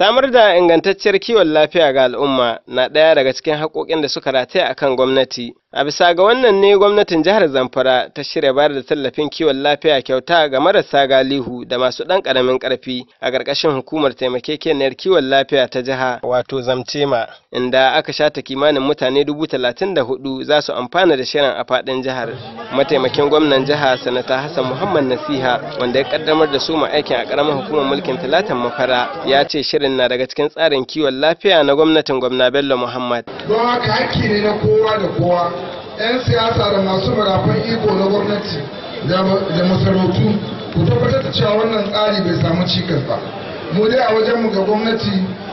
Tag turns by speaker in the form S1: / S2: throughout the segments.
S1: Samar da ingantacciyar kiwon lafiya ga al'umma na ɗaya daga cikin haƙoƙin da suka rataya a kan gwamnati. a bisa ga wannan ne gwamnatin jihar zamfara ta shirya bayar da tallafin kiwon lafiya kyauta ga marasa galihu da masu ɗan ƙaramin ƙarfi a ƙarƙashin hukumar taimakekeniyar kiwon lafiya ta jiha wato zamcema inda aka shata kimanin mutane dubu talatin da hudu za su amfana da shirin a faɗin jihar mataimakin gwamnan jiha sanata hassan muhammad nasiha wanda ya ƙaddamar da su aikin a ƙaramin hukumar mulkin talatan mafara ya ce shirin na daga cikin tsarin kiwon lafiya na gwamnatin gwamna bello muhammad don haka hakki ne na kowa da kowa 'yan siyasa da masu marafan iko na gwamnati da masarautu ku tabbatar da cewa wannan tsari bai samu cikas ba mu dai a wajenmu ga gwamnati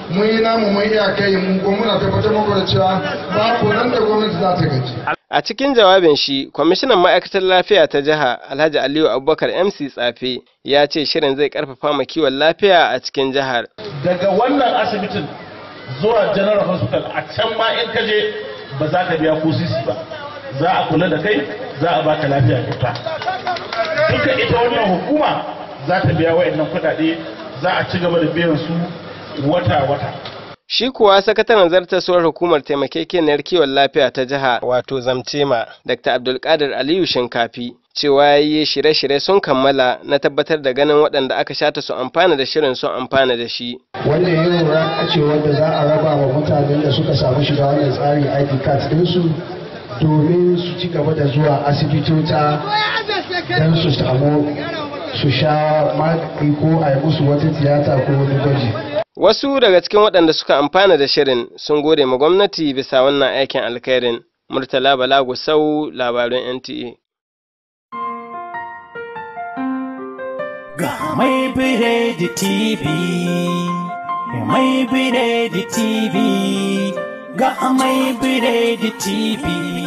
S1: mun yi namu mun iya kai mu, kuma muna tabbatar muku da cewa ba ku nan da gwamnati za ta gaji. A cikin jawabin shi, kwamishinan ma'aikatar lafiya ta jiha Alhaji Aliyu Abubakar MC Tsafe ya ce shirin zai karfafa ma kiwon lafiya a cikin jihar. Daga wannan asibitin zuwa General Hospital a can ma in kaje ba za ka biya ko sisi ba. za a kula da kai za a baka lafiya kyauta duka ita wannan hukuma za ta biya wayannan kuɗaɗe za a ci gaba da biyan su wata-wata Shi kuwa sakataren zartasuwar hukumar taimakekeniyar kiwon lafiya ta jiha wato Zamcema, Dr. Abdulkadir Aliyu Shinkafi, cewa ya yi shirye-shirye sun kammala na tabbatar da ganin waɗanda aka shata su amfana da shirin sun amfana da shi. Wannan yin rana ce wanda za a raba wa mutanen da suka samu shiga wannan tsarin ID card ɗinsu domin su ci gaba da zuwa asibitota don su samu su sha magani ko a yi musu wata tiyata ko wani gwaji. Wasu daga cikin waɗanda suka amfana da shirin sun gode ma gwamnati bisa wannan aikin alkhairin. Murtala Balagu Sau labarin NTA. E. Ga mai biredi TV, mai biredi TV, ga mai biredi TV.